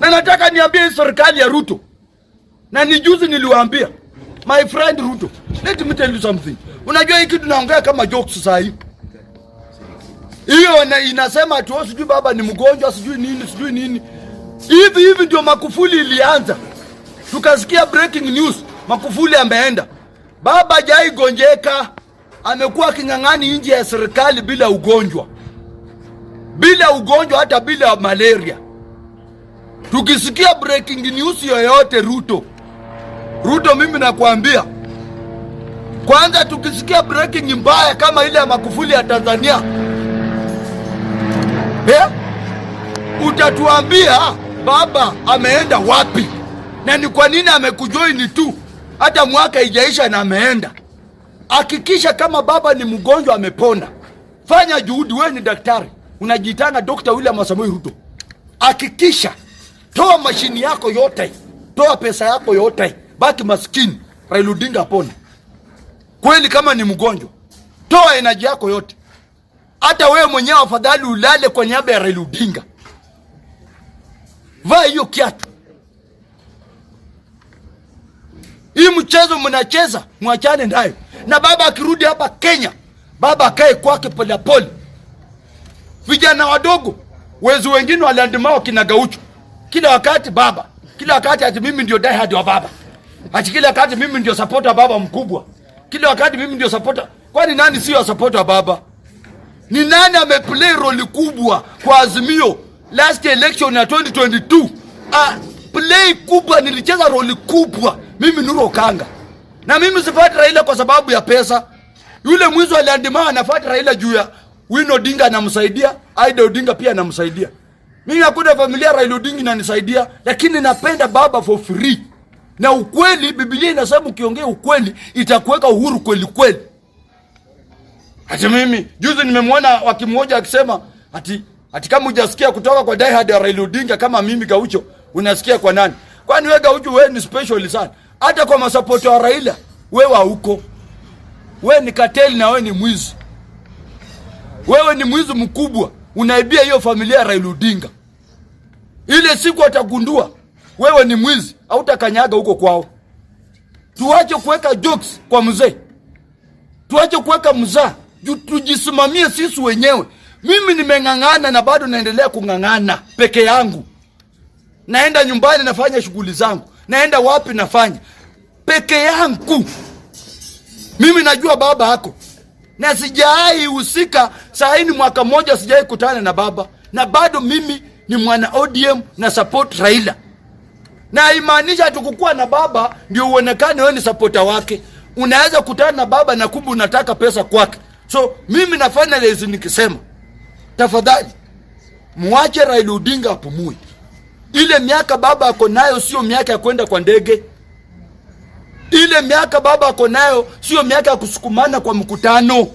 na nataka niambie serikali ya Ruto, na ni juzi niliwaambia my friend Ruto, let me tell you something. Unajua hiki tunaongea kama jokes sasa hivi hiyo na inasema tu wewe sijui baba ni mgonjwa sijui nini sijui nini hivi hivi. Ndio Makufuli ilianza, tukasikia breaking news Makufuli ameenda. Baba jai gonjeka, amekuwa aking'ang'ani nje ya serikali bila ugonjwa, bila ugonjwa, hata bila malaria. Tukisikia breaking news yoyote Ruto, Ruto, mimi nakwambia kwanza, tukisikia breaking mbaya kama ile ya Magufuli ya Tanzania eh, utatuambia baba ameenda wapi na ni kwa nini amekujoini tu, hata mwaka ijaisha na ameenda. Hakikisha kama baba ni mgonjwa amepona, fanya juhudi. Wewe ni daktari, unajitanga Dr. William Samoei Ruto, hakikisha Toa mashini yako yote, toa pesa yako yote, baki maskini. Raila Odinga apone kweli. Kama ni mgonjwa, toa enaji yako yote, hata wewe mwenyewe afadhali ulale kwa niaba ya Raila Odinga. Vaa hiyo kiatu. Hii mchezo mnacheza, mwachane nayo. Na baba akirudi hapa Kenya, baba akae kwake polepole. Vijana wadogo wezi wengine waliandimao kina Gaucho kila wakati baba, kila wakati ati mimi ndio die hard wa baba, ati kila wakati mimi ndio support wa baba mkubwa, kila wakati mimi ndio support. Kwani nani sio support wa baba? Ni nani ameplay role kubwa kwa Azimio last election ya 2022? Ah, play kubwa, nilicheza role kubwa mimi, Nuru Okanga, na mimi sifuati Raila kwa sababu ya pesa. Yule mwizi aliandimaa anafuata Raila juu ya Wino Odinga, anamsaidia Aida Odinga pia anamsaidia. Mimi hakuna familia Raila Odinga inanisaidia, lakini napenda baba for free. Na ukweli Biblia inasema ukiongea ukweli itakuweka uhuru kweli kweli. Hata mimi juzi nimemwona wakimwoja akisema ati ati kama hujasikia kutoka kwa Die Hard ya Raila Odinga kama mimi Gaucho, unasikia kwa nani? Kwani wewe Gaucho wewe ni special sana. Hata kwa masupport wa Raila wewe hauko. Wewe ni kateli na wewe ni mwizi. Wewe ni mwizi mkubwa unaibia hiyo familia Raila Odinga. Ile siku atagundua wewe ni mwizi, hautakanyaga huko kwao. Tuache kuweka jokes kwa mzee, tuache kuweka mzaa, tujisimamie sisi wenyewe. Mimi nimeng'ang'ana na bado naendelea kung'ang'ana peke yangu. Naenda nyumbani nafanya shughuli zangu, naenda wapi nafanya peke yangu. Mimi najua baba yako na sijawahi husika. Saa hii ni mwaka mmoja sijawahi kutana na baba, na bado mimi ni mwana ODM na support Raila, na imaanisha tukukuwa na baba ndio uonekane wewe ni supporter wake. Unaweza kutana na baba na kumbe unataka pesa kwake. So mimi na finalize nikisema, tafadhali muache Raila Odinga apumue. Ile miaka baba ako nayo sio miaka ya kwenda kwa ndege. Ile miaka baba ako nayo sio miaka ya kusukumana kwa mkutano.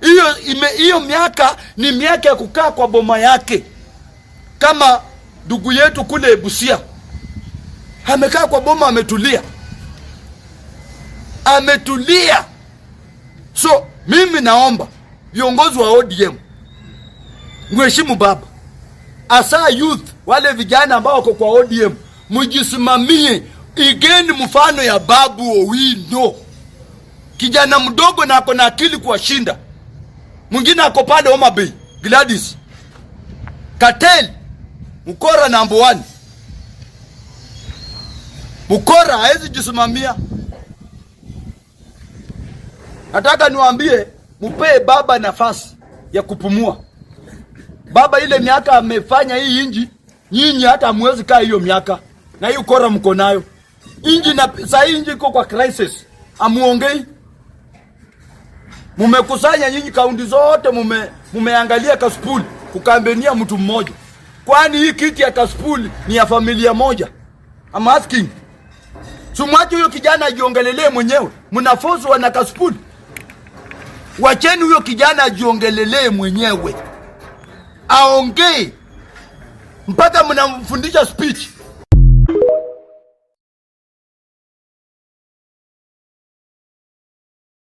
Hiyo hiyo miaka ni miaka ya kukaa kwa boma yake, kama ndugu yetu kule Busia amekaa kwa boma, ametulia, ametulia. So mimi naomba viongozi wa ODM mheshimu baba, asa youth, wale vijana ambao wako kwa ODM mjisimamie igeni mfano ya Babu Owino, kijana mdogo na ako na akili kuwashinda. Mwingine ako pale Homa Bay, Gladys Katel mkora namba one. Mkora hawezi jisimamia. Nataka niwaambie, mupee baba nafasi ya kupumua. Baba ile miaka amefanya hii inji, nyinyi hata hamwezi kaa hiyo miaka, na hii ukora mko nayo. Inji na saa inji iko kwa crisis, amuongei. Mumekusanya nyinyi kaunti zote mume, mumeangalia kaspuli kukambenia mtu mmoja. Kwani hii kiti ya kaspuli ni ya familia moja? I'm asking. Sumwache huyo kijana ajiongelelee mwenyewe. Mnafozwa na kaspuli Wacheni huyo kijana ajiongelelee mwenyewe. Aongee mpaka mnamfundisha speech.